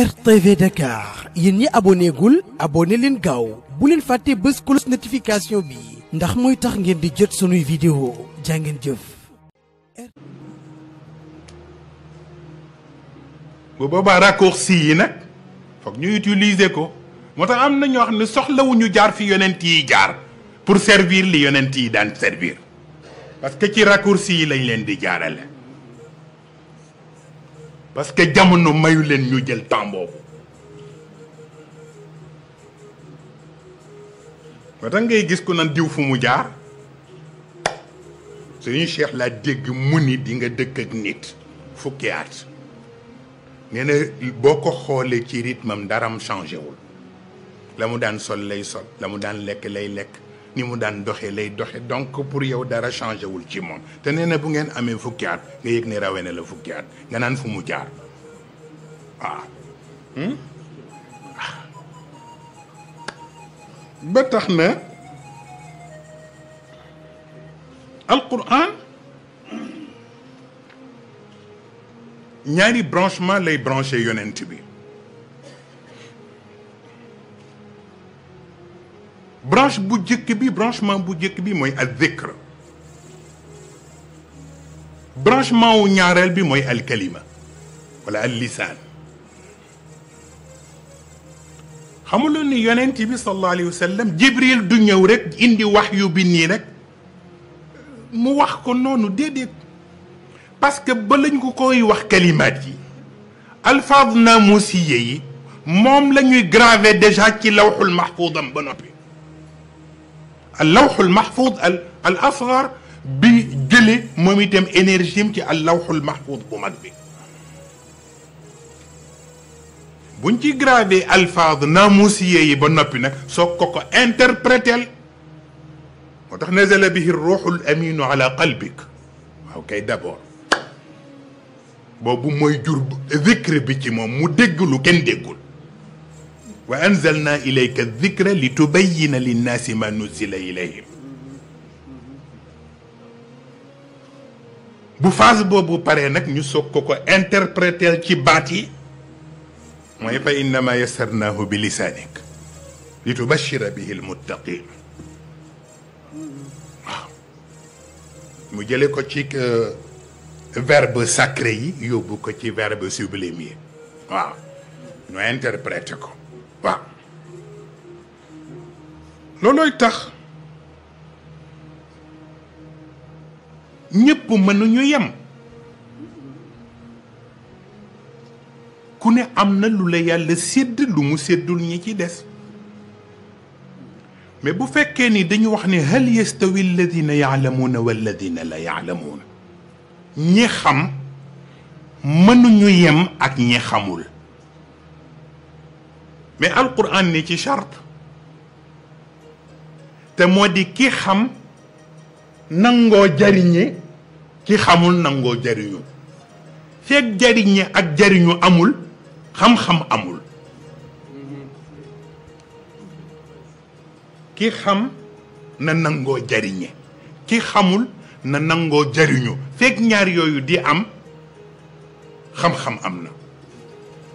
RTV Dakar yéen ñi aboné gul aboné leen gaaw bu leen fàttee bés cloche notification bi ndax mooy tax ngeen di jot suñuy vidéo jàngeen jëf. bu boobaa raccourci yi nag foog ñu utiliser ko moo tax am na ñoo xam ne soxlawuñu jaar fi yonent yi jaar pour servir li yonent yi daan servir parce que ci raccourci yi lañ leen di jaarale. parce que jamono mayu leen ñu jël temps boobu ba tax ngay gis ko nan diw fu mu jaar suñu cheikh laa dégg mu ni di nga dëkk ak nit fukki at nee boko boo ko xoolee ci rythme am daram changé daan sol lay sol la mu daan lekk lay lekk ni mu daan doxee lay doxe donc pour yow dara changé wul ci moom te nee na bu ngeen amee fukki at nga yëg ne rawee la fukki at nga naan fu mu jaar waaw ba tax na alquran ñaari branchement lay branché yonent bi branche bu njëkk bi branchement bu njëkk bi mooy al zikr branchement wu ñaareel bi mooy al kalima wala al lisaan xamuloon ni yonent bi sallallahu alayhi wa sallam jibril du ñëw rek indi wax yu bi nii rek mu wax ko noonu déedéet parce que ba lañ ko koy wax kalimaat yi alfaad namusiye yi moom la ñuy gravé déjà ci lawxul mahfuudam ba noppi اللوح المحفوظ الاصغر بجلي موميتم انرجيم تي اللوح المحفوظ بو ماك بي بون غرافي الفاظ ناموسيه يي با نوبي نا سوكو كو انتربريتال نزل به الروح الامين على قلبك اوكي دابور بوبو موي جور ذكر بي تي موم مو ديغلو كين ديغلو وأنزلنا إليك الذكر لتبين للناس ما نزل إليهم بو فاز بوبو باري نك ني سوكوكو انتربريتيل تي باتي موي فا انما يسرناه بلسانك لتبشر به المتقين مو جيلي كو تي فيرب ساكري يوبو كو تي فيرب سوبليمي واو نو انتربريتيكو waaw loolooy tax ñépp mënuñu yem ku ne am na lu la yàlla sédd lu mu séddul ñi ci des mais bu fekkee ni dañu wax ne hal yastawi alladina yaalamuuna walladina la yaalamuun ñi xam mënuñu yem ak ñi xamul mais alquran ni ci charte te moo di ki xam nangoo jariñe ki xamul nangoo jariñu fekk jariñe ak jariñu amul xam-xam amul ki xam na nangoo jariñe ki xamul na nangoo jariñu fekk ñaar yooyu di am xam-xam am na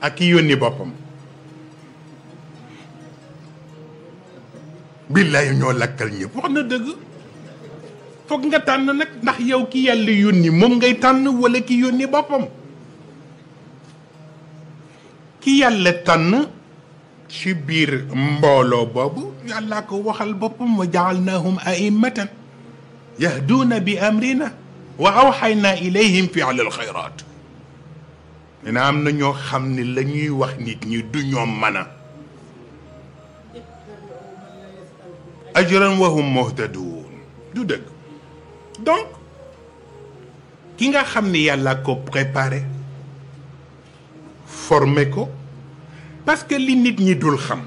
ak ki yónni boppam billaay ñoo lakkal ñëpp wax na dëgg nga tan nak ndax yow ki yàlla yoni mom ngay tan wala ki yoni bopam ki yàlla tan ci bir mbolo bobu yalla ko waxal bopam wa ja'alnahum a'immatan yahduna bi amrina wa awhayna ilayhim fi'lal khayrat nee na am na ñoo xam ne la ñuy wax nit ñi du ñoom mën ajran wa hum muhtaduun du dëgg donc ki nga xam ni yàlla ko préparé formé ko parce que li nit ñi dul xam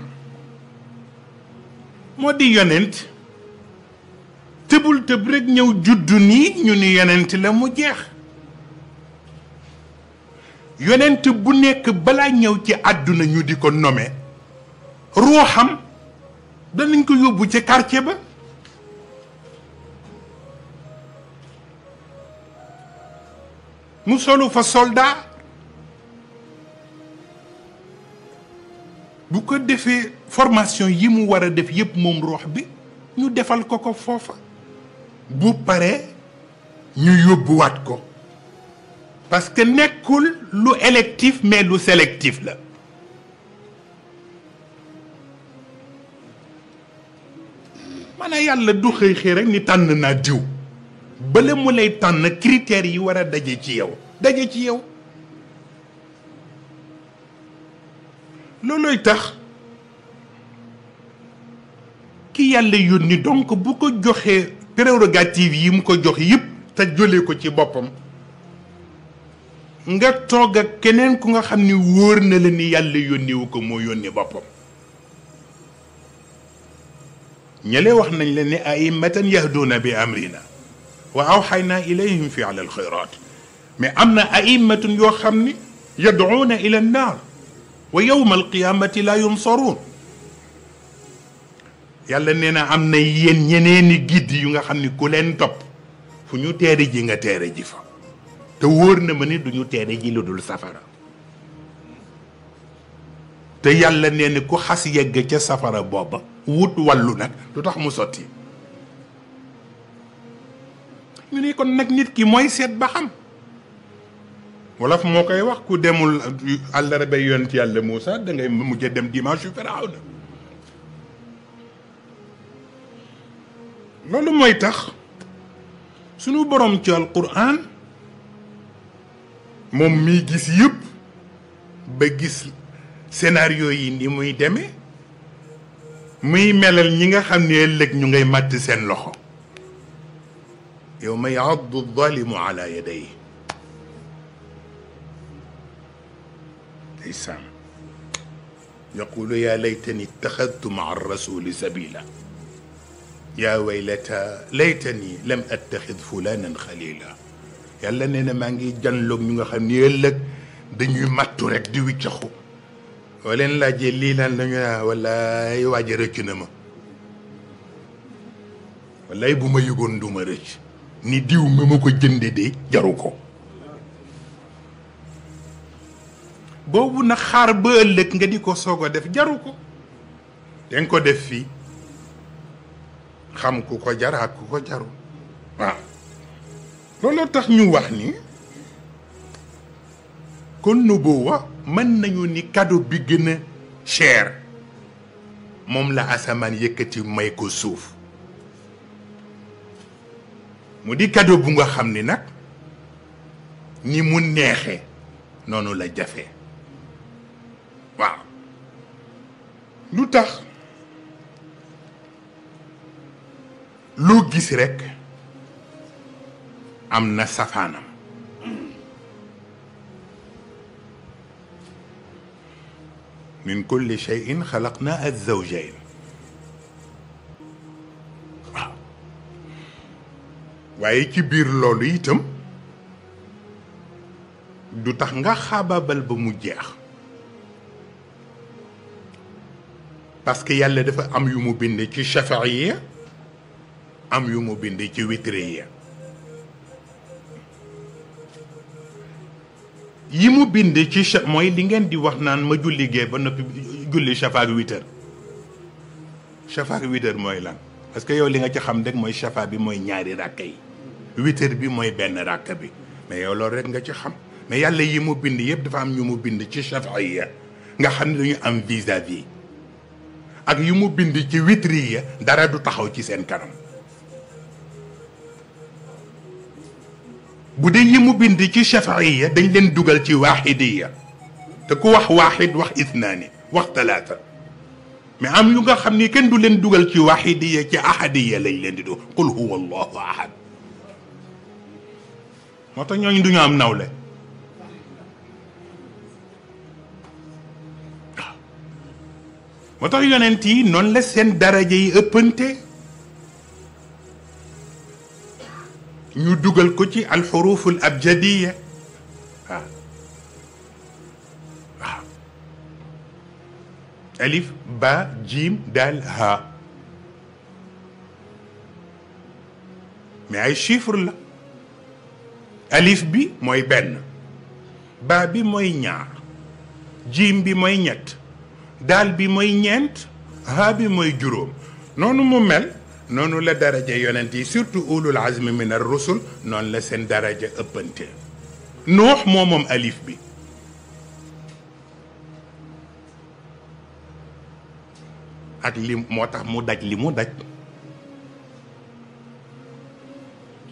moo di yonent tebul tëb rek ñëw juddu ni ñu ni yonent la mu jeex yonent bu nekk balaa ñëw ci àdduna ñu di ko nommer ruuxam danañ ko yóbbu ci karce ba mu solu fa soldat bu ko defee formation yi mu war a def yépp moom ruux bi ñu defal ko ko foofa bu pare ñu yóbbuwaat ko parce que nekul lu électif mais lu sélectif la maanaam yalla du xey xey rek ni tànn naa diw bala mu lay tan critères yi war a ci yow dajé ci yow loolooy tax ki yalla yoni donc bu ko joxee prérogative yi mu ko jox yëpp ta jëlee ko ci bopam nga toog ak keneen ku nga xam ni wóor na la ni yàlla yónniwu ko moo yónni boppam ñële wax nañ la ni matan yahduuna bi amrina wa awxayna ilayhim fi ala alxayrat mais am na aimatun yoo xam ni yadcuuna ila annaar wa yowma alqiyamati la yunsaruun yàlla nee na am na yéen ñeneeni gidd yu nga xam ni ku leen topp fu ñu teere ji nga teere ji fa te wóor na ma ni duñu teere ji lu dul safara te yàlla nee ni ku yegg ca safara booba wut wàllu nag lu mu sotti ñu ne kon nag nit ki mooy seet ba xam wolof moo koy wax ku demul àllarba yonent yàlla Moussa da ngay mujj dem dimanche yu faraaw na tax sunu borom ci alquran moom mii gis yëpp ba gis scénario yi ni muy demee muy melal ñi nga xam ne ëllëg ñu ngay màtt seen loxo yow ma yaaddu zalimu ala yaday ndeysaan yaqulu yaa laytani ittaxadtu maa rasuli sabila yaa waylata laytani lam attaxid fulanan xalila yàlla nee na maa ngi janloog ñu nga xam ni ëllëg dañuy mattu rekk di wiccaxu woo leen laajee lii lan la ñu naa ah, wallaay waaja rëcc na ma wallaay bu ma yëgoon du rëcc ni diw mi ma ko jënde de jaru ko boobu na xaar ba ëllëg nga di ko soog a def jaru ko danga ko def fii xam ku ko jar ak ku ko jaru waaw looloo tax ñu wax ni kon nu nubuwa mën nañu ni cadeau bi gën a cher moom la asamaan yëkkati may ko suuf mu di cadeau bu nga xam ni nag ni mu neexee noonu la jafe waaw lu tax loo gis rek am na safaanam min kulli shay'in xalaqnaa az-zawjayn waaw waaye ci biir loolu itam du tax nga xaabaabal ba mu jeex parce que yàlla dafa am yu mu bind ci shafaiya am yu mu bind ci witriya yi mu bind ci cha mooy li ngeen di wax naan ma julli gee ba noppi julli shafaak huit heures shafaak huit heures mooy lan parce que yow li nga ci xam rek mooy shafa bi mooy ñaari ràkk yi huit bi mooy benn ràkk bi mais yow loolu rek nga ci xam mais yàlla yi mu bind yëpp dafa am ñu mu bind ci shafa yi nga xam ne dañu am vis à ak yu mu bind ci witri ya dara du taxaw ci seen kanam بودي نيمو بندي كي شفعية دن لن دوغل كي واحدية تكو واح واحد واح اثنان واح ثلاثة مي عم يوغا خمني كن دو لن دوغل كي واحدية كي أحدية لن لن دو قل هو الله أحد ما تنيا ين دنيا أم نولي ما تنيا ننتي نون لسن درجة يأبنتي ñu dugal ko ci alxuruful abjadiya waaw waaw alif ba jiim daal haa mais ay chiffre la alif bi mooy benn baa bi mooy ñaar jiim bi mooy ñett daal bi mooy ñeent haa bi mooy juróom noonu mu mel noonu la daraja yonent yi surtout ulul azmi min ar rusul noonu la seen daraja ëppante nuux moo moom alif bi ak li moo tax mu daj li mu daj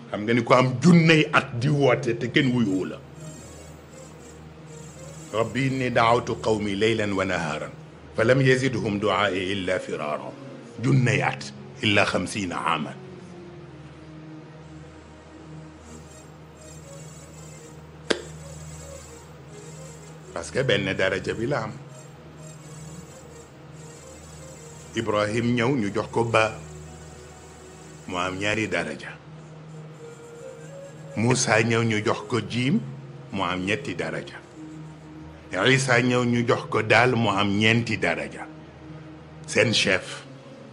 xam nga ni ko am junney at di woote te kenn wuyuwu la rabbi inni daawtu qawmi leylan wa naharan fa lam yazidhum duaai illa firaaran junney at إلا خمسين عاما بس كبن درجة بلام إبراهيم نيو نيو كوبا مواميري درجة موسى نيو نيو جوحكو جيم مواميتي درجة عيسى نيو نيو جوحكو دال مواميتي درجة سن شيف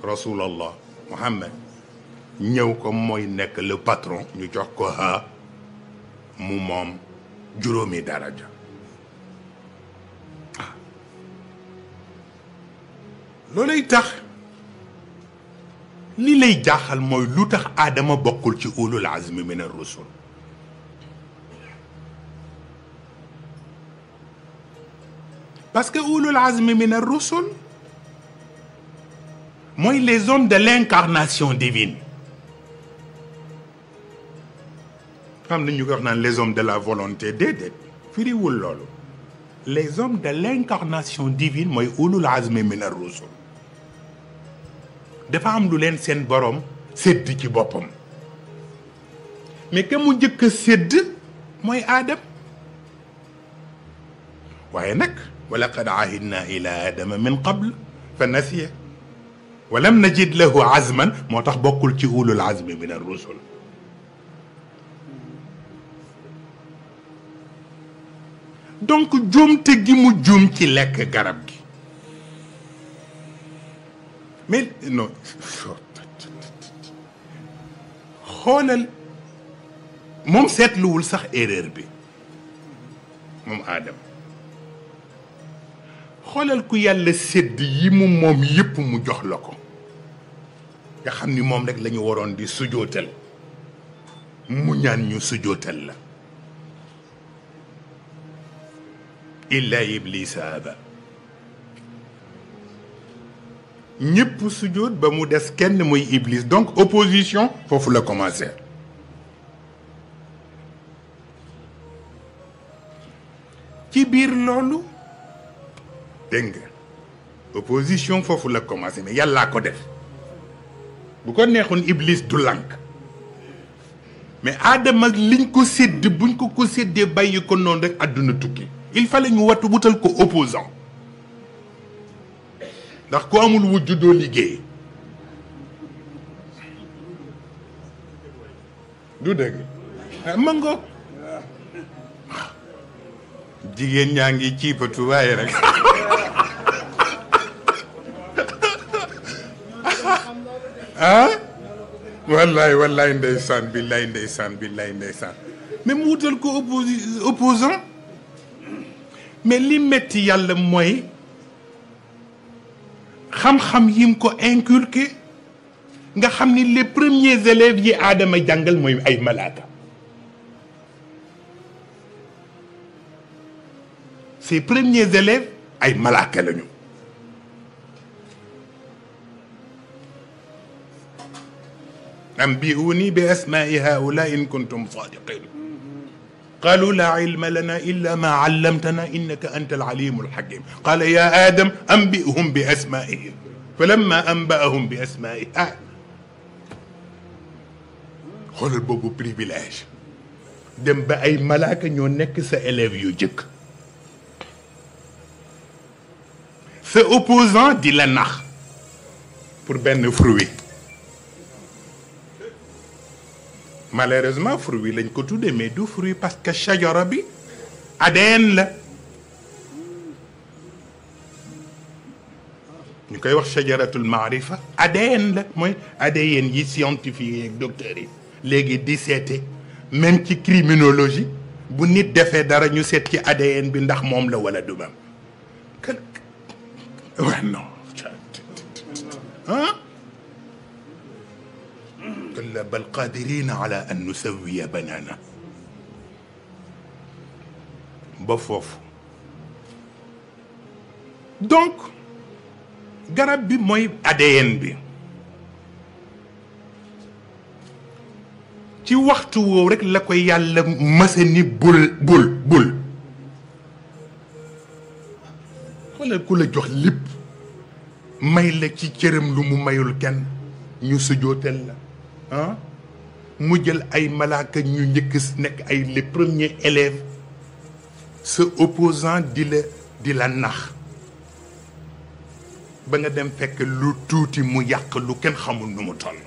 رسول الله Mohamed ñëw ko mooy nekk le patron ñu jox ko ha mu moom juróomi daraja loolay tax li lay jaaxal mooy lu tax aadama bokkul ci ulul azmi min ar-rusul parce que ulul azmi min ar-rusul moy les hommes de l'incarnation divine am na ñu ko wax les hommes de la volonté firi wul loolu les hommes de l'incarnation divine moy ulul azmi min ar-rusul dafa am lu len sen borom sédd ci bopam mais que mu njëkk sedd moy adam waye nak nag wa laqad ahidna ila adam min qabl fa nasiya ولم نجد له عزما موتاخ بوكول تي العزم من الرسل دونك جوم تي مو جوم تي لك غرب جي مي نو خولل موم سيت لول صح ايرير بي موم ادم xolal ku yàlla sédd yi mu moom yépp mu jox la ko nga xam rek lañu waroon di mu ñaan ñu la illa iblisa aba ba mu des kenn muy iblis donc opposition foofu la commencé ci biir loolu dégg opposition foofu la commencé mais yàllaa ko def bu ko neexoon iblis du lànk mais aadama liñ ko sédd buñ ko ko séddee bàyyi ko noonu rek àdduna tukki il fallait ñu wattu wutal ko opposant ndax ku amul wujju doo liggéey du dëgg ah, ma ngoog jigéen ñaa ngi ciipatu waaye rek Voilà, hein? voilà, mais il ko opposant mais li metti yalla moy xam-xam yim ko inculqué nga xamni les premiers élèves yi adama jangal moy ay ses premiers élèves ay malaaka lañu أنبئوني بأسماء هؤلاء إن كنتم صادقين قالوا لا علم لنا إلا ما علمتنا إنك أنت العليم الحكيم قال يا آدم أنبئهم بأسمائهم فلما أنبأهم بأسمائهم xoolal boobu privilège dem دم بأي ملاك نيونك سألف sa سأبوزان دي لنخ pour ben fruit malheureusement fruit lañ ko tuddee mais du fruit parce que shajara bi ADN la ñu koy wax shajaratul maarifa ADN la moy ADN yi scientifique yi ak docteurs yi léegi di même ci criminologie bu nit defee dara ñu seet ci ADN bi ndax mom la wala du moom. waaw non ah. إلا بل قادرين على أن نسوي بنانا بفوف دونك غرب بي موي أدين بي تي وقت وورك لكو يالا مسني بول بول بول ولا كل جوخ ليب مايلا تي تيرم لومو مايول كان ñu sujootel la ah mu jël ay malaaka ñu njëkk nekk ay les premiers élèves sa opposant di la di la nax ba nga dem fekk lu tuuti mu yàq lu kenn xamul nu mu toll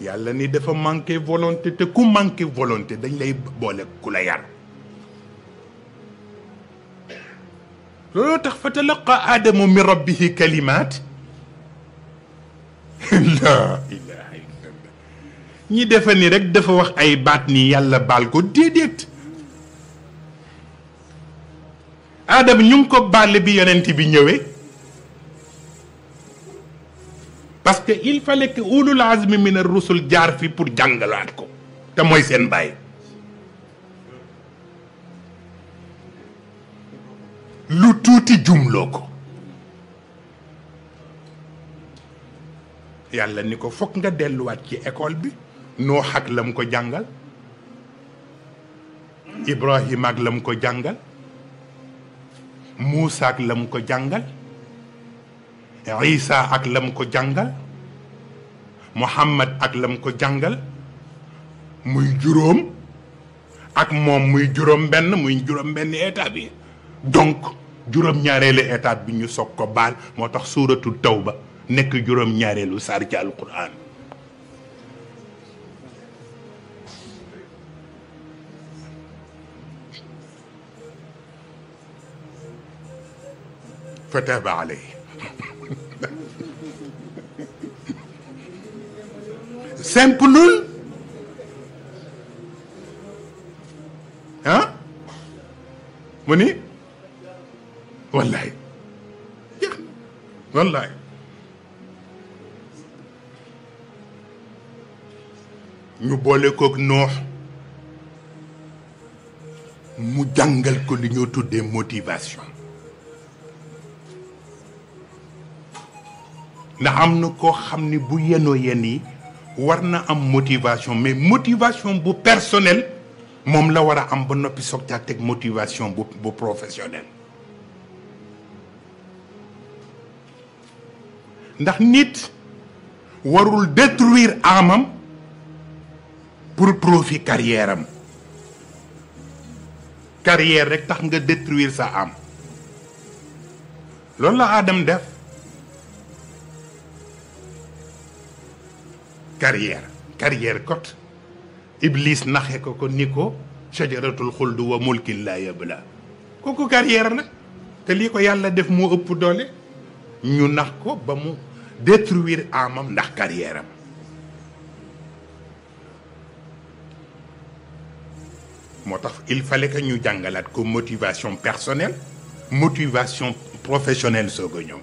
yàlla ni dafa manqué volonté te ku manqué volonté dañ lay boole ku la yar looloo tax fa talaqa aadamu min rabbihi kalimaat laa ilaaha illallah ñi defe ni rek dafa wax ay baat ni yàlla baal ko déedéet adam ñu ngi ko baale bi yonent bi ñëwee parce que il fallait que ulul azmi min ar rusul jaar fi pour jàngalaat ko te mooy seen bàyyi lu tuuti jumloo ko yàlla ni ko foog nga delluwaat ci école bi noox ak lam ko jàngal ibrahim ak lam ko jàngal muusa ak lam ko jàngal isa ak lam ko jàngal muhammad ak lam ko jàngal muy juróom ak moom muy juróom benn muy juróom benn état bi donc juróom ñaareelu état bi ñu soog ko baal moo tax suuratul ba nekk juróom ñaareelu saar ci alquran فتاب عليه simple ها mu ni wallaay jeex na wallaay ñu boole kook noox mu jàngal ko li ñoo tuddee motivation am na koo xam ni bu yenoo yeni yi war na am motivation mais motivation bu personnel moom la war a am ba noppi motivation bu bu professionnel ndax nit warul détruire amam pour profit carrière am carrière rek tax nga détruire sa am loolu la Adam def carrière carrière kot Iblis naxe ko ko ni ko sajaratul xuld wa mulkin laa yabla kooku carrière la te lii ko yàlla def moo ëpp doole ñu nax ko ba mu détruire amam ndax carrière am il fallait que nous jàngalaat ko motivation personnelle motivation professionnelle soog a ñëw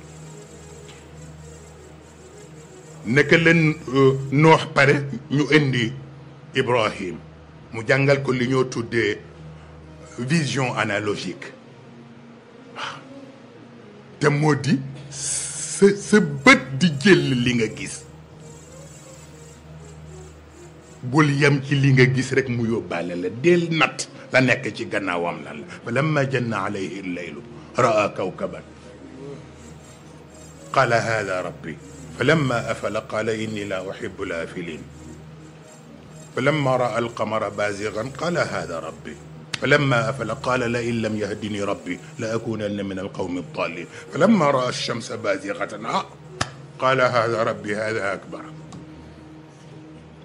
naka euh, noox pare ñu indi Ibrahim mu jàngal ko li ñoo vision analogique té mo di ce ce bët di jël li nga gis bul yam ci li nga gis rek mu yobale la del nat la nek ci gannaawam lan la fa lam ma janna alayhi al-layl فلما أفل قال إني لا أحب الآفلين فلما رأى القمر بازغا قال هذا ربي فلما أفل قال لئن لم يهدني ربي لأكونن من القوم الضالين فلما رأى الشمس بازغة قال هذا ربي هذا أكبر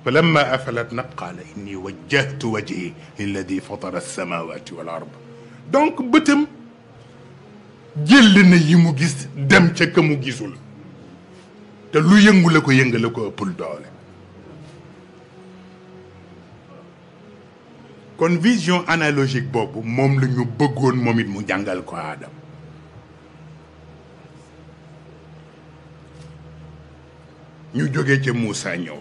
فلما أفلت قال إني وجهت وجهي للذي فطر السماوات والأرض دونك بتم جل نيمو جيس دم تكمو جيسول تلو ينغو لكو ينغ لكو أبول دولي كون فيزيون أنالوجيك بوبو موم لنيو بغون موميد مو جانغال كو آدم ñu joggé ci Moussa ñëw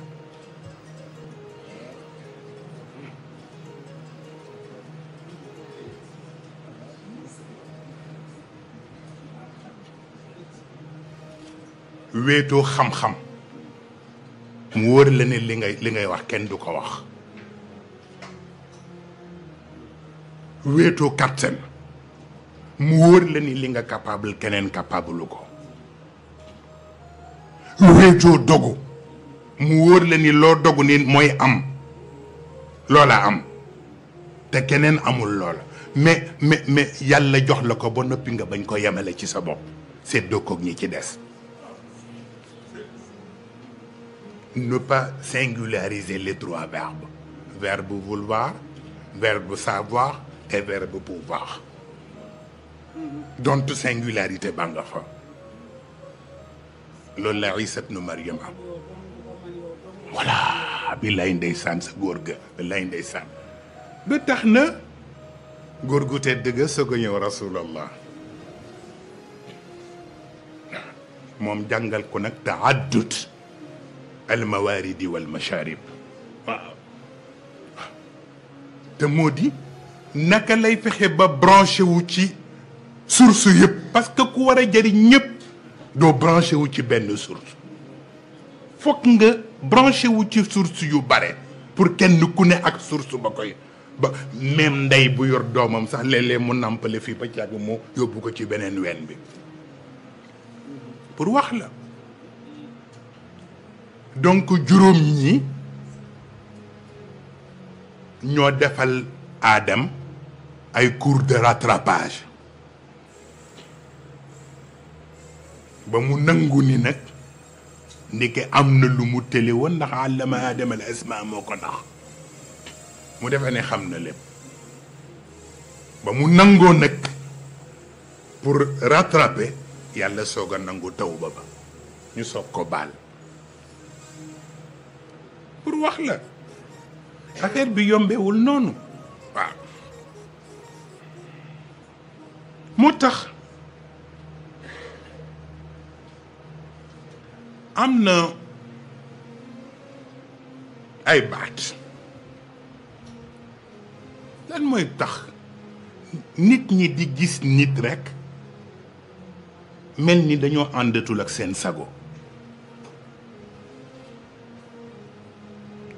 wéetoo xam-xam mu wóor la li ngay wax kenn du ko wax wéetoo kattan mu wóor la ni li nga capable keneen capable ko wéetoo dogu mu wóor la ni loo dogu ni mooy am loola am te keneen amul lool mais mais mais yàlla jox la ko ba noppi nga bañ ko yemale ci sa bopp seddoo koog ñi ci des ne pas singulariser les trois verbes. Verbe vouloir, verbe savoir et verbe pouvoir. Donc singularité bangafa fa. la recette nous Mariam am voilà bi indécent ndeysaan sa góor ga lay ndeysaan ba tax de góor gu tedd ga soog a Je rasulallah ko à almawaridi wal masharib waaw te moo di naka lay fexe ba branché wu ci source yëpp parce que ku war a jëriñ ñëpp doo branché wu ci benn source fokk nga branché wu ci source yu bare pour kenn ku ne ak source ba koy ba même ndey bu yor doomam sax léeg mu nàmpale fii ba jàgg moo yóbbu ko ci beneen ween bi pour wax la donc juróom ñi ñoo defal aadam ay cours de rattrapage ba mu nangu ni nag ndeke am na lu mu télé woon ndax àllama aadama al asma moo ko ndax mu defee ne xam pour rattraper yàlla a nangu ba ñu soog baal pour wax la affaire bi yombewul noonu waaw moo tax am ay baat lan moy tax nit ñi di gis nit rek melni ni dañoo àndatul ak seen sago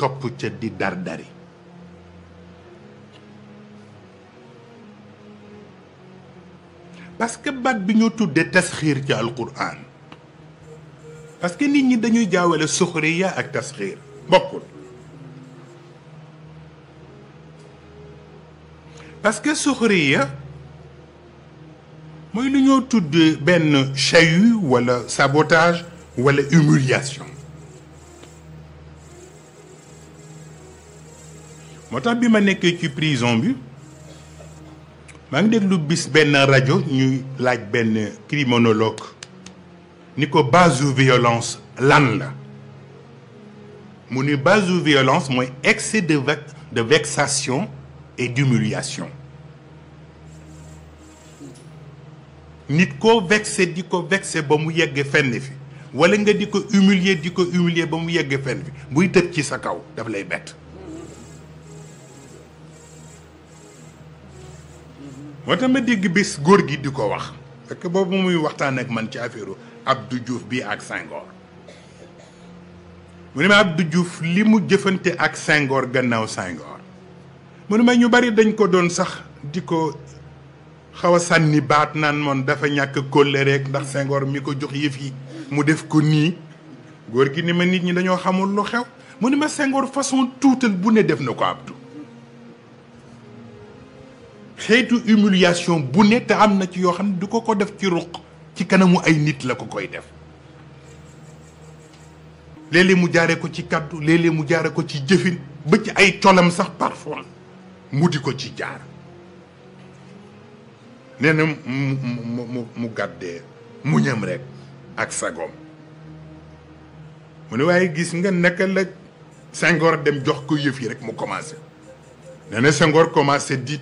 top te di dardari parce que bat bi ñu tuddee tasxiir ci alquran parce que nit ñi dañuy jaawale suxriya ak tasxiir bokul parce que suxriya mooy lu ñoo tuddee ben chahut wala sabotage wala humiliation moo tax bi ma nekkee ci prison bi maa ngi déglu bis benn rajo ñuy laaj benn criminologue ni base basu violence lan la mu base basu violence mooy excès de de vexation et d'humiliation nit ko vexé diko vexé ba mu yegg fenn fi wala nga diko humilier diko humilier ba mu yegg fenn fi buy tëb ci sa kaw daf lay bett moo tax ma dégg bis góor gi di ko wax fekk boobu muy waxtaan ak man ci affaire Abdou Diouf bii ak Senghor mu ne ma Abdou Diouf li mu jëfante ak Senghor gannaaw Senghor mu ne ma ñu bari dañ ko doon sax di ko xaw a sànni baat naan moom dafa ñàkk kóllëre rek ndax Senghor mi ko jox yëf yi mu def ko nii góor gi ni ma nit ñi dañoo xamul lu xew mu ne ma Senghor façon tuutal bu ne def na ko Abdou xeetu humiliation bu ne te am na ci yoo xam ne du ko ko def ci ruq ci kanamu ay nit la ko koy def léeg mu jaaree ko ci kaddu léeg mu jaaree ko ci jëfin ba ci ay colam sax parfois mu di ko ci jaar nee na mu mu mu gàddee mu ñam rek ak sagoom mu ne waaye gis nga naka la Senghor dem jox ko yëf yi rek mu commencé nee na Senghor commencé dit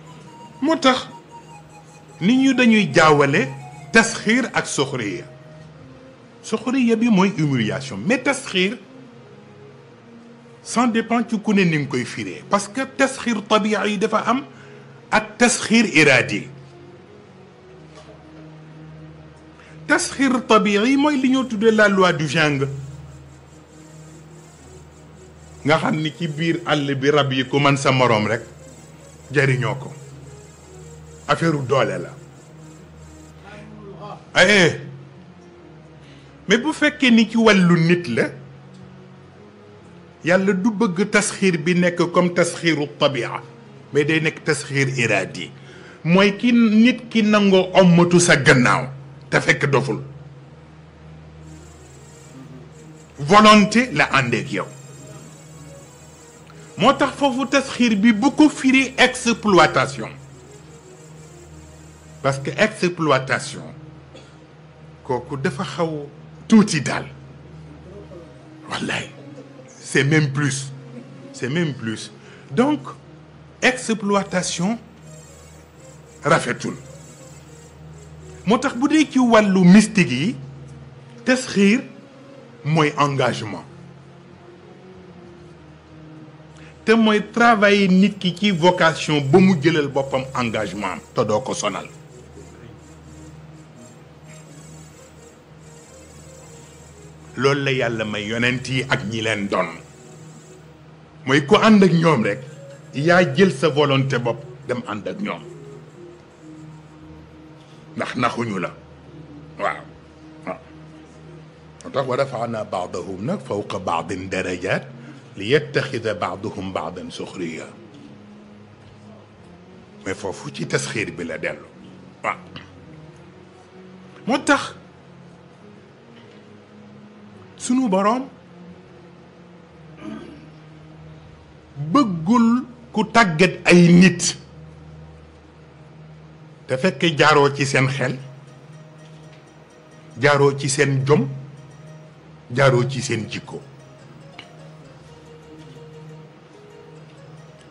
moo tax nit ñu dañuy jaawale tasxiir ak soxriya soxriya bi mooy humiliation mais tasxiir sans dépend ci ku ne ni nga koy firee parce que tasxiir tabia yi dafa am ak tasxiir iraadi tasxiir tabia yi mooy li ñoo tuddee la loi du jungle nga xam ni ci biir àll bi rab yi ku man sa moroom rek jariñoo ko affaire doole la aye mais pour que ni niki wàllu nit la yalla du bëgg tasxiir bi que comme au tabia mais day nek tasxiir iradi. Moy ki nit ki nango omatu sa gannaaw ta fekk doful volonté la àndeek yow moo tax foofu tasxiir bi bu ko firi exploitation parce que exploitation kooku dafa xaw tuuti daal wallaay c'est même plus c'est même plus donc exploitation rafetoul. moo tax bu dee ci wàllu mystique yi tasxiir mooy engagement te mooy travailler niki ki vocation ba mu jëlal boppam engagement am te sonal loolu la yàlla may yonent yi ak ñi leen don mooy ku ànd ak ñoom rek yaa jël sa volonté bopp dem ànd ak ñoom ndax naxuñu la waaw waaw moo tax wa rafaana baadahum nag fawqa baadin darajat li yettaxida baaduhum baadan suxriya mais foofu ci tasxiir bi la dellu waaw moo sunu boroom bëggul ku tàggat ay nit te fekk jaaroo ci seen xel jaaroo ci seen jom jaaroo ci seen jikko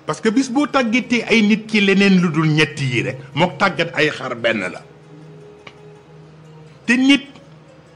parce que bis boo tàggatee ay nit ki leneen lu dul ñett yi rek mook tàggat ay xar benn la te nit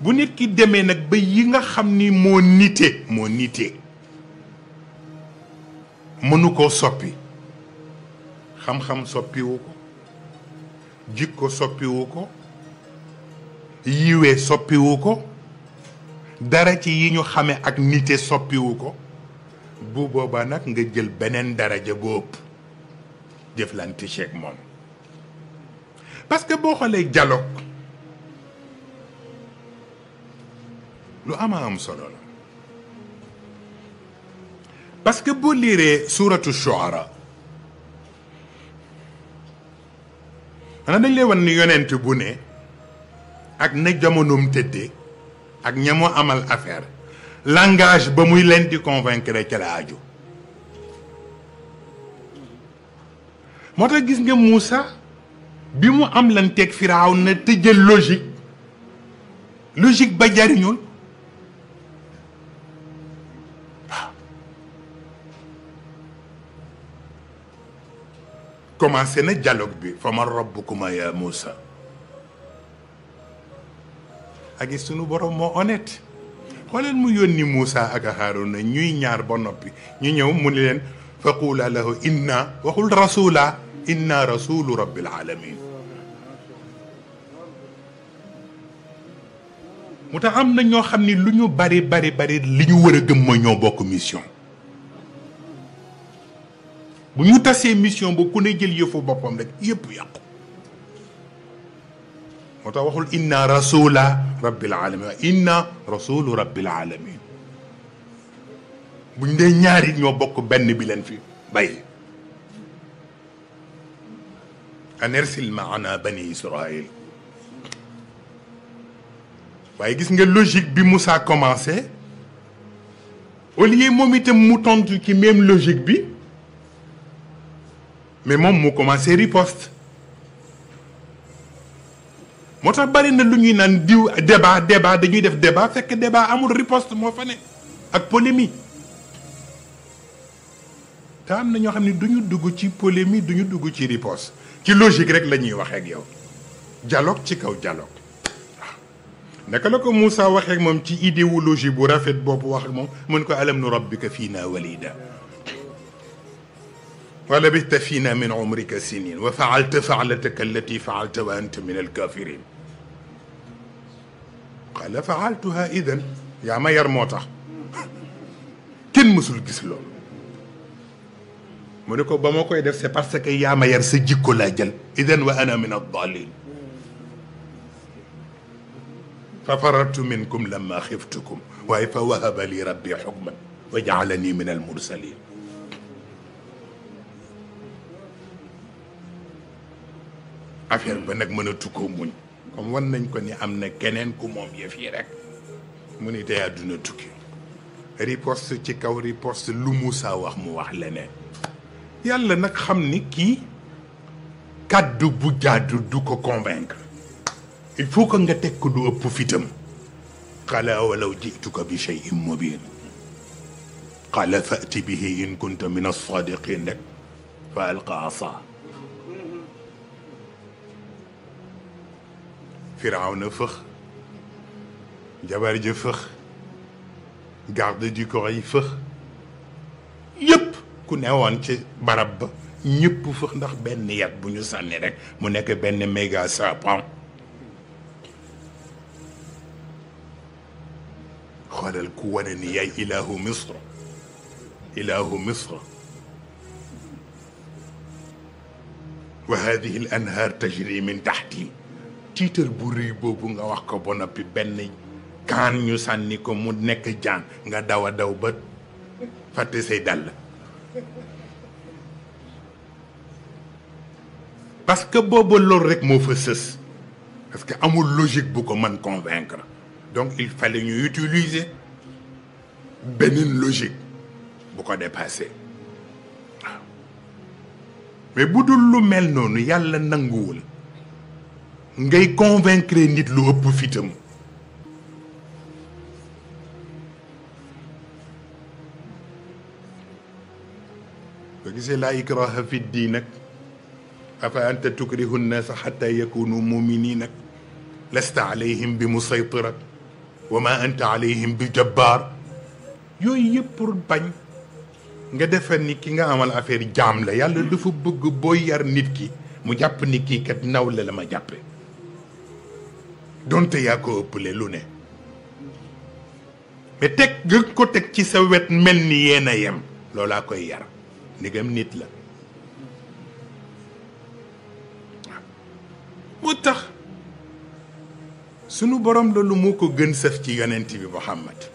bu nit ki demee nag ba yi nga xam ni moo nite moo nite mënu koo soppi xam-xam soppiwu ko jikko soppiwu ko yiwee soppiwu ko dara ci yi ñu xame ak nite soppiwu ko bu boobaa nag nga jël beneen daraja bu ëpp jëflante ceeg moom parce que boo xoolee dialogue lu ama am solo la parce que boo liiree suuratu shuara xanaa dañ lay wan ni yonent bu ne ak na jamonoom tëddee ak ña moo amal affaire langage ba muy leen di convaincre ca la aju moo tax gis nga Moussa bi mu am lan teg Firaaw na tëjal logique logique ba jariñul commencé le dialogue bi fa man rabbukuma ya Moussa ak sunu borom moo honnête xoolal mu yónni Moussa ak Haaruna ñuy ñaar ba noppi ñu ñëw mu ni leen faqula lahu inna waxul rasula inna rasulu rabbil alamin mu tax am na ñoo xam ni lu ñu bari bari bari li ñu war a gëm ma ñoo bokk mission bu ñu tasee mission bu ku ne jël yëfu boppam rek yëpp yàqu moo tax waxul inna rasula rabbil alamin inna rasulu rabbil alamin buñ dee ñaari ñoo bokk benn bi leen fi bay an maana bani israil waaye gis nga logique bi Moussa commencé au lieu moom itam ci même logique mais moom moo commencé riposte moo tax bari na lu ñuy naan diw débat débat dañuy def débat fekk débat amul riposte moo fa ne ak polémique te am na ñoo xam ne du ñu dugg ci polémique du ñu dugg ci riposte ci logique rek la ñuy waxee ak yow dialogue ci kaw dialogue naka la ko Moussa waxee ak moom ci idéologie bu rafet boobu wax ak moom mën ko alam nu rabbika fiinaa walida ولبثت فينا من عمرك سنين وفعلت فعلتك التي فعلت وأنت من الكافرين قال فعلتها اذا يا مير موتا كن مسل كسلو منكو بموكو يدف سيبارسك يا مير سجيكو لاجل إذن وأنا من الضالين ففررت منكم لما خفتكم وإفا وهب لي ربي حكما وجعلني من المرسلين affaire ba nak meuna tukko muñ comme wan nañ ko ni amna na keneen ku mom yëf yi rek muni ni aduna tukki riposte ci kaw riposte lu Moussa wax mu wax leneen yàlla nak xamni ki kàddu bu jaddu du ko convaincre il faut que nga tek du upp fitam qala walaw jituka bi shay'in mubin قال fati به إن كنت من الصادقين rek fa alqa Firawna fëx jabar ja fëx garde du corps yi fëx yëpp ku newoon ci barab ba ñëpp fëx ndax benn yat bu ñu sànni rek mu nekk benn méga serpent xoolal ku wane ni yaay ilaahu misra ilaahu misra wa hadihi al anhaar tajri min taxti tiitar bu rëy boobu nga wax ko bonopi ben kan ñu sanni ko mu nek jaan nga dawa a daw ba fàtte say dal parce que bobo lool rek mo fa sës parce que amul logique bu ko man convaincre donc il fallait ñu utiliser beneen logique bu ko dépasser mais bu dul lu mel noonu yalla nanguwul ngay convaincre nit lu ëpp fitam ba gisee la ikraha fi diin nag afa anta tukrihu nnaasa xatta yakunu muminin nag lasta alayhim bi musaytira wa ma anta alayhim bi jabbar yooyu yëpp pour bañ nga defar ni ki nga amal affaire jaam la yàlla dafa bëgg boo yar nit ki mu jàpp ni kii kat naw la la ma jàppe donte yaa ko ëpple lu ne mais teg ko teg ci sa wet mel ni yéen yem loola koy yar ndigam nit la moo tax sunu borom loolu moo ko gën saf ci yonent bi Muhammad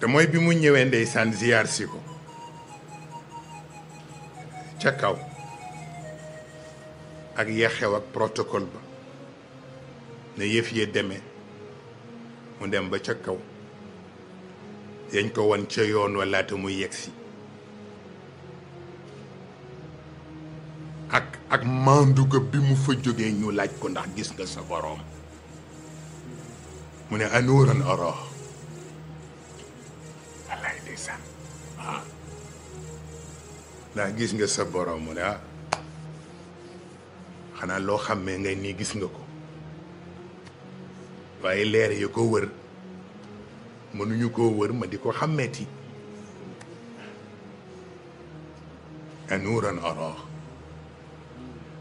te mooy bi mu ñëwee ndeysaan ziyaar si ko ca kaw ak yexew ak protocole ba ne yëf yee demee mu dem ba ca kaw dañ ko wan ca yoon wa laata muy yegsi ak ak manduga bi mu fa jógee ñu laaj ko ndax gis nga sa boroom mu ne anuuran aro ah. ndax gis nga sa boroom mu ne ah, xanaa loo xàmmee ngay nii gis nga ko waye leer yu ko wër mënuñu ko wër ma di ko xàmmeeti anuuran araax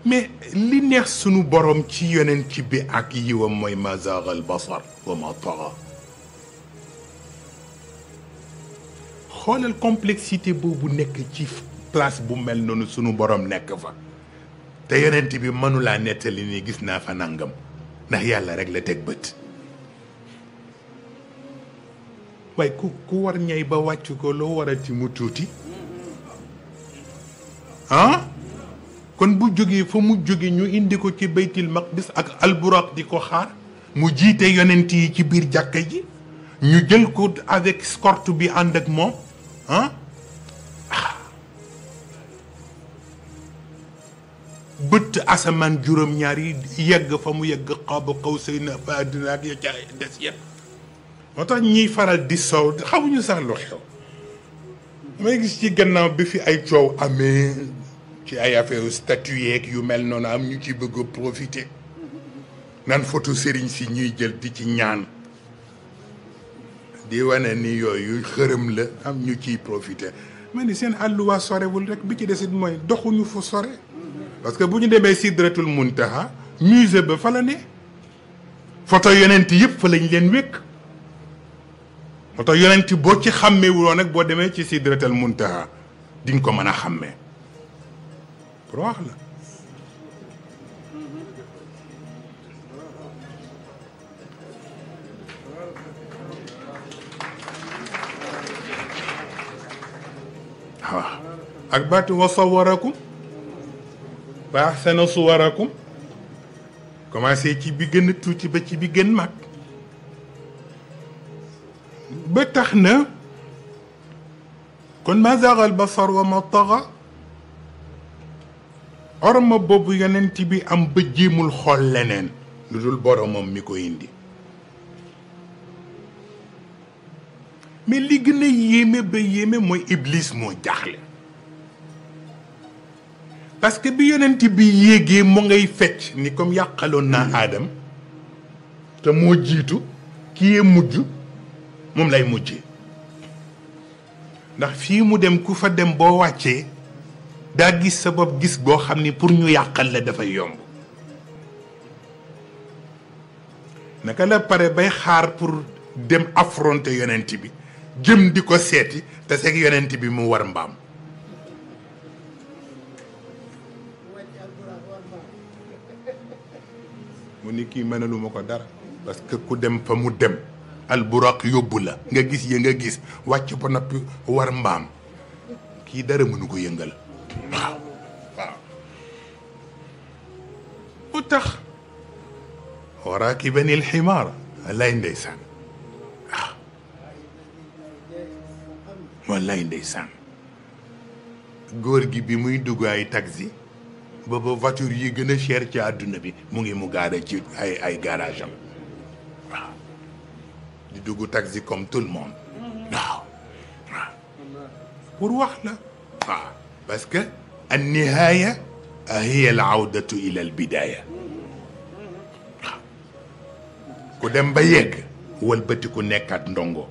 mais li neex sunu borom ci yonent ci bi ak yiwam mooy ma zaagal basar wa ma tara xolal complexité bobu nek ci place bu mel nonu sunu borom nek fa te yonent bi mënulaa netali ni gis na fa nangam ndax yàlla rek la tek beut waaye ku ku war ñay ba wàcc ko loo warati mu tuuti kon bu jógee fa mu jóge ñu indi ko ci baytil maqdis ak alburaq di ko xaar mu jiite yonent yi ci biir jàkka ji ñu jël ko avec escorte bi ànd ak moom ah bëtt asamaan juróom-ñaar yi yegg fa mu yegg xaaba xaw sëy na fa àddina ak ya ca des yëpp moo ñi faral di soow xamuñu sax lu xew damay gis ci gannaaw bi fi ay ciow amé ci ay affaire statue ak yu mel non am ñu ci bëgg profiter nan photo sëriñ si ñuy jël di ci ñaan di wane ni yooyu xërëm la am ñu ciy profiter ma ni seen àlluwaa sorewul rek bi ci desit mooy doxuñu fu sore parce que bu ñu demee sidratul muntaha musée ba fa la ne photo yonent yëpp fa lañ leen wékk moo tax yonent boo ci xàmmewuloo nag boo demee ci sidratal muntaha di nga ko mën a xàmmee pour wax la waaw ak baatu wa sawarakum ba ahsana suwarakum commencé ci bi gën a ba ci bi gën بتحنا كن ما زاغ البصر وما طغى عرم بوبو يننتي بي ام بجيم الخول لنن لدول بورو مم ميكو يندي مي لي غنا ييمي بي ييمي موي ابليس مو جاخل باسكو بي يننتي بي ييغي مو غاي فيت ني كوم ياخالون نا ادم تا مو جيتو كي مودجو moom lay mujje ndax fii mu dem ku fa dem boo wàccee daa gis sa bopp gis boo xam ni pour ñu yàqal la dafay yomb naka la pare bay xaar pour dem affronter yonent bi jëm di ko seeti te seeg yonent bi mu war mbaam mu ni kii mënaluma ko dara parce que ku dem fa mu dem alburaq yóbbu la nga gis ya nga gis wàcc ba noppi war mbaam kii dara mënu ko yëngal waaw waaw bu tax wa rakiban alximaar lay ndeysaan waaw wallaay ndeysaan góor gi bi muy dugg ay taxi booba voiture yi gën a cher ci àdduna bi mu ngi mu gaara ci ay ay garage am di dugg taxi comme tout le monde waaw pour wax la waaw parce que an nihaaya hiya al ila al dem ba yegg ndongo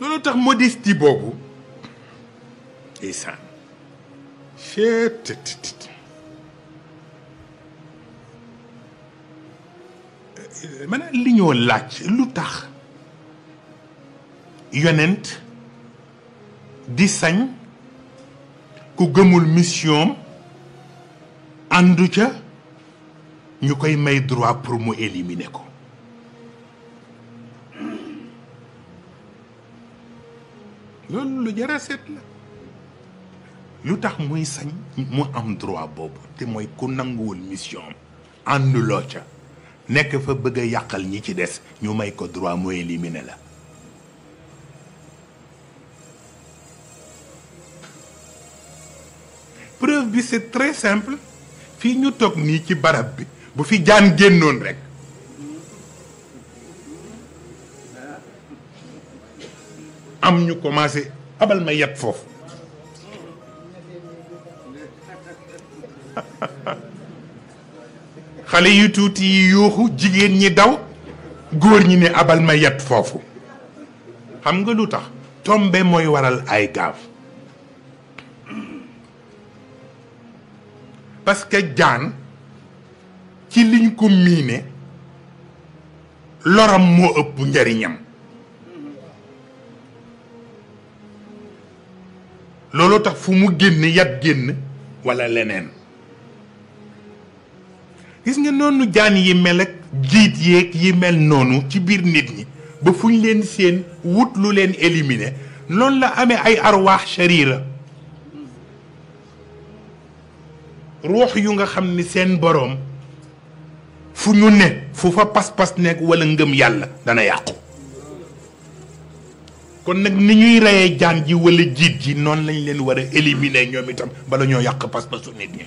loolu tax modestie Et ça, Euh, maintenant li ñoo laaj lu tax yonent di sañ ku gëmul mission àndu ca ñu koy may droit pour mu éliminer ko loolu lu jara seet la lu tax muy sañ mu am droit boobu te mooy ku nanguwul mission ànduloo ca nekk fa bëgg a yàqal ñi ci des ñu may ko droit mu éliminer la preuve bi c'est très simple fii ñu toog nii ci barab bi bu fi jaan génnoon rekk am ñu commencé abal ma yet foofu xale yu tuuti yi yooxu jigéen ñi daw góor ñi ne abal ma yat foofu xam nga lu tax tombe mooy waral ay gaaf parce que jaan ci liñ ko miine loram moo ëpp njariñam loolu tax fu mu génn yat génn wala leneen gis nga noonu jaan yi mel ak jiit yeeg yi mel noonu ci biir nit ñi ba fu ñu leen seen wut lu leen éliminer noonu la amee ay arwaax sharira ruux yu nga xam ni seen boroom fu ñu ne fu fa pas-pas nekk walla ngëm yàlla dana yàqu kon nag ni ñuy reyee jaan ji walla jiit ji noonu lañu leen war a ñoom itam bala ñoo yàq pas-pasu nit ñi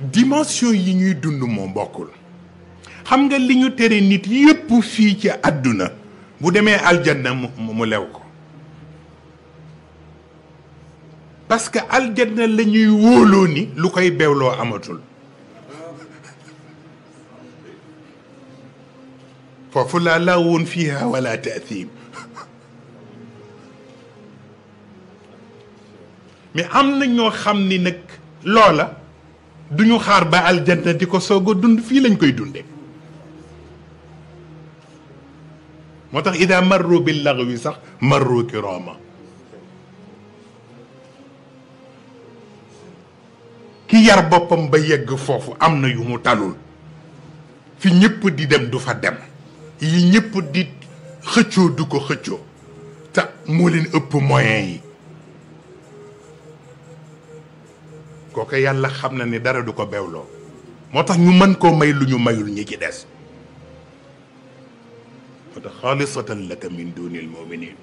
dimension yi ñuy dund moom bokkul xam nga li ñu tere nit yépp fii ci àdduna bu demee aljanna mu lew ko parce que aljanna la ñuy wóoloo ni lu koy bewloo amatul foofu laa laa woon fiha wala taathim mais am na ñoo xam ni nag loola duñu xaar ba aljanna di ko soog a dund fii lañ koy dunde moo tax ida marru bi laxwi sax marru kiraama ki yar boppam ba yegg foofu am na yu mu talul fi ñëpp di dem du fa dem yi ñëpp di xëccoo du ko xëccoo te moo leen ëpp moyen yi koko yàlla xamna ni dara du ko bewlo motax ñu man ko may lu ñu mayul ñi ci dess mata khalisatan lak laka min dunil muminin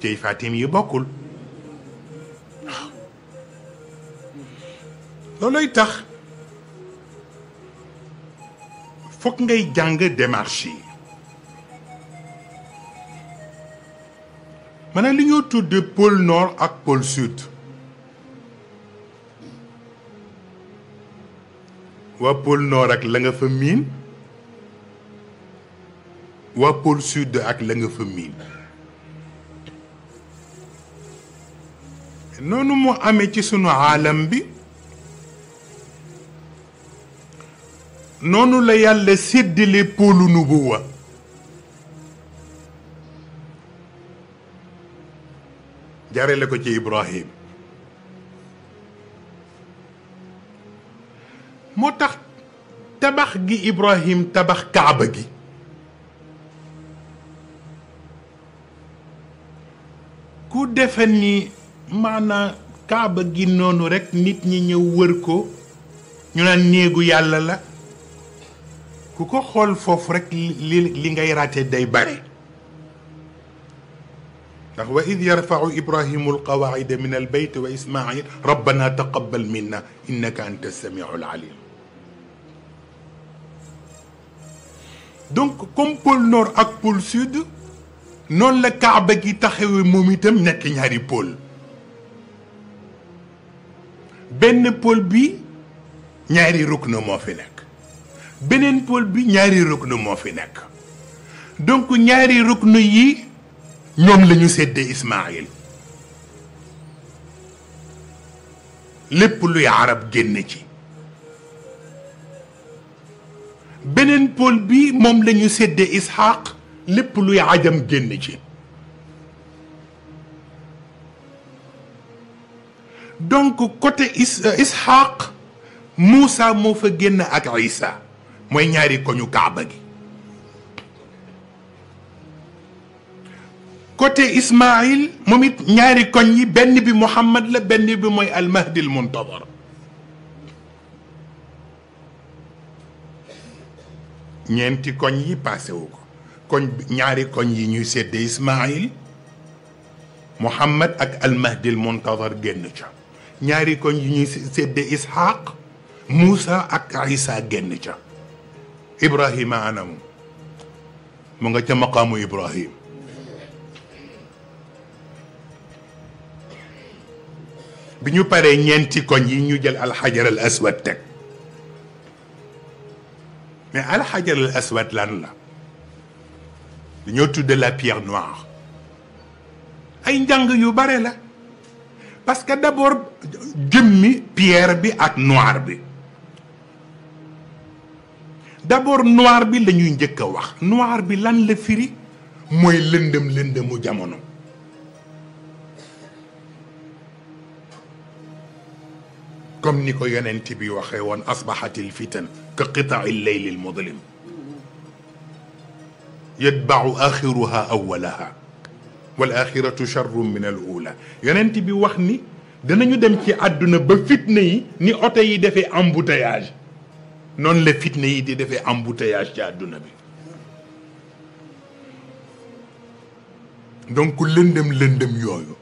tey Fatim yi bokkul looloy tax fokk ngay jàng démarche yi ma ne li ñoo tudde pôle nord ak pôle sud waa pôle nord ak la nga fa miin waa pôle sud ak la nga fa miin noonu mu amee ci sunu aalam bi noonu la yàlla séddale pôlu nubuwa jarele ko ci Ibrahim moo tax tabax gi Ibrahim tabax kaaba gi ku defe ni maanaam kaaba gi noonu rekk nit ñi ñëw wër ko ñu naan néegu yàlla la ku ko xool foofu rekk li li ngay raté day bare نعم. وإذ يرفع إبراهيم القواعد من البيت وإسماعيل ربنا تقبل منا إنك أنت السميع العليم دونك كم بول نور أك بول سود نون لا كعبة كي تخيوي موميتم نك نياري بول بن بول بي نياري ركن مو في نك بنين بول بي نياري ركن مو في نك دونك نياري ركن يي ñoom la ñu séddee Ismaayil lépp luy arab génn ci beneen pôle bi moom la ñu séddee Isxaaq lépp luy ajam génn ci donc côté is euh, Isxaaq Muusa moo fa génn ak Isa mooy ñaari koñu Kaaba gi côté Ismaïl moom it ñaari koñ yi benn bi Muhammad la benn bi mooy almahdil muntadar ñeenti koñ yi passé wu ko koñ ñaari koñ yi ñuy sedde Ismaïl Muhammad ak almahdil muntadar génn ca ñaari koñ yi ñuy sedde Ishaq Moussa ak Isa génn ca Ibrahima anamu mu nga ca maqaamu Ibrahim bi ñu paree ñeenti koñ yi ñu jël alxajar al aswad teg mais alxajar al aswad lan la dañoo tudde la pierre noire ay njàng yu bare la parce que d'abord jëmmi pierre bi ak noir bi d'abord noir bi la ñuy njëkk a wax noir bi lan la firi mooy lëndëm lëndëmu jamono كم نيكو يننتي بي وخيوان أصبحت الفتن كقطع الليل المظلم يتبع آخرها أولها والآخرة شر من الأولى يننتي بي وخني دنا ني دم سي ادنا با فتنه ني ني يي ديفي امبوتياج نون لا فتنه يي دي ديفي امبوتياج تي ادنا بي دونك لندم لندم يويو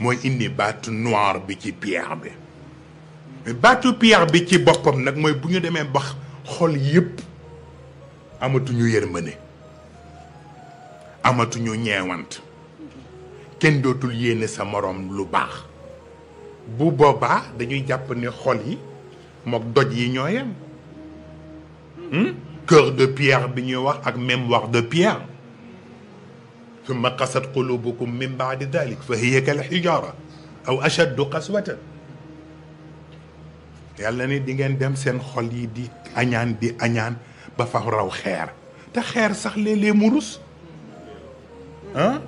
موي اندي بات نوار بي تي بيير بي mais baatu Pierre bi ci boppam nag mooy bu ñu demee bax xol yëpp amatuñu yërmande amatuñu ñeewant kenn dootul yéene sa moroom lu baax bu boobaa dañuy jàpp ne xol yi mook doj yi ñoo yem cœur de pierre bi ñuy wax ak mémoire de pierre summa qasat qulubukum min baadi dalik fa hiya kal xijara aw ashaddu qaswatan yàlla ni di ngeen dem seen xol yi di añaan di añaan ba fa raw xeer te xeer sax léeg-léeg mu rus ah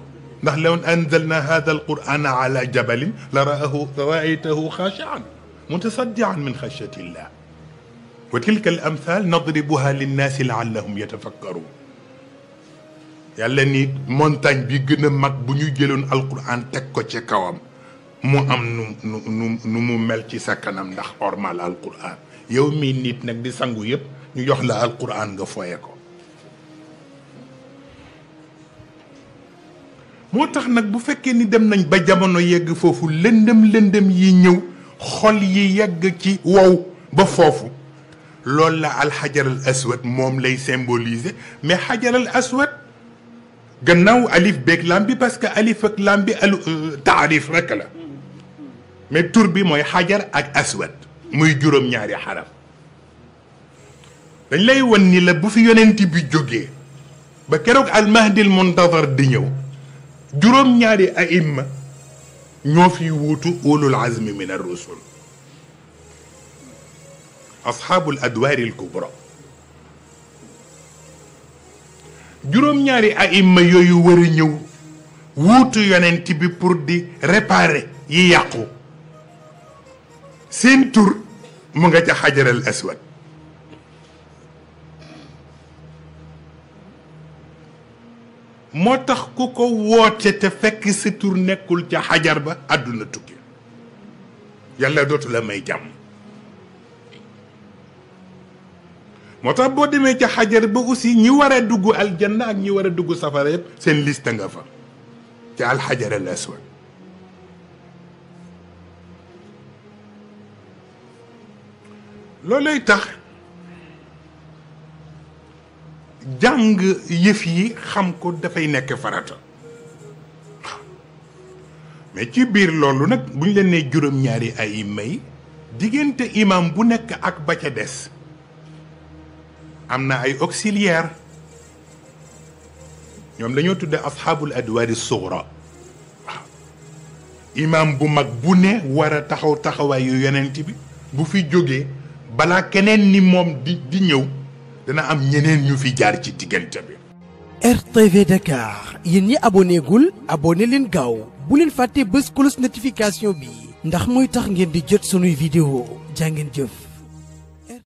ndax law anzalna hada alquran ala jabal la raahu raaytahu khashi'an mutasaddian min khashyati llah wa tilka alamthal nadribuha lin nas laallahum yatafakkaruun yàlla ni montagne bi gëna mag bu ñu jëloon alquran tek ko ci kawam mu am nu nu nu nu mu mel ci sa kanam ndax ormal alquran yow mii nit nag di sangu yëpp ñu jox la alquran nga foye ko moo tax bu fekkee ni dem nañ ba jamono yegg foofu lëndëm lëndëm yi ñëw xol yi yegg ci wow ba foofu loolu la alxajar al aswad moom lay symboliser mais xajar al aswad gannaaw alif beeg lam parce que alif ak lam bi al taarif rek la mais tour bi moy xajar ak aswad muy jurom naari haram dañ lay won ni la bu fi yonenti bi jógee ba kérok al mahdi al muntazar di new jurom juróom-ñaari aimma ñoo fi wuutu ulul azmi min arrusul asxaabul adwaari alkubra juróom-ñaari aimma yooyu war a ñëw wuutu yonent bi pour di réparer yi yàqu seen tur mu nga ca xajaral aswad moo tax ku ko woote te fekk sa tur nekkul ca xajar ba àdduna tukki yàlla dootu la may jàmm moo tax boo demee ca xajar ba aussi ñi war dugg aljanna ak ñi war a dugg safara yëpp seen liste nga fa ca alxajar al loolay tax jàng yëf yi xam ko dafay nekk farata mais ci biir loolu nag bu ñu leen nee juróom-ñaari ay may diggante imam bu nekk ak ba ca des am na ay auxiliaire ñoom dañoo tudde asxaabul adwaari sugra waaw imam bu mag bu ne war a taxaw taxawaayu yonent bi bu fi jógee balaa keneen ni moom di di ñëw dana am ñeneen ñu fi jaar ci diggante bi. RTV Dakar yéen ñi aboné gul aboné leen gaaw bu leen fàttee bés close notification bi ndax mooy tax ngeen di jot sunuy vidéo jàngeen ngeen jëf.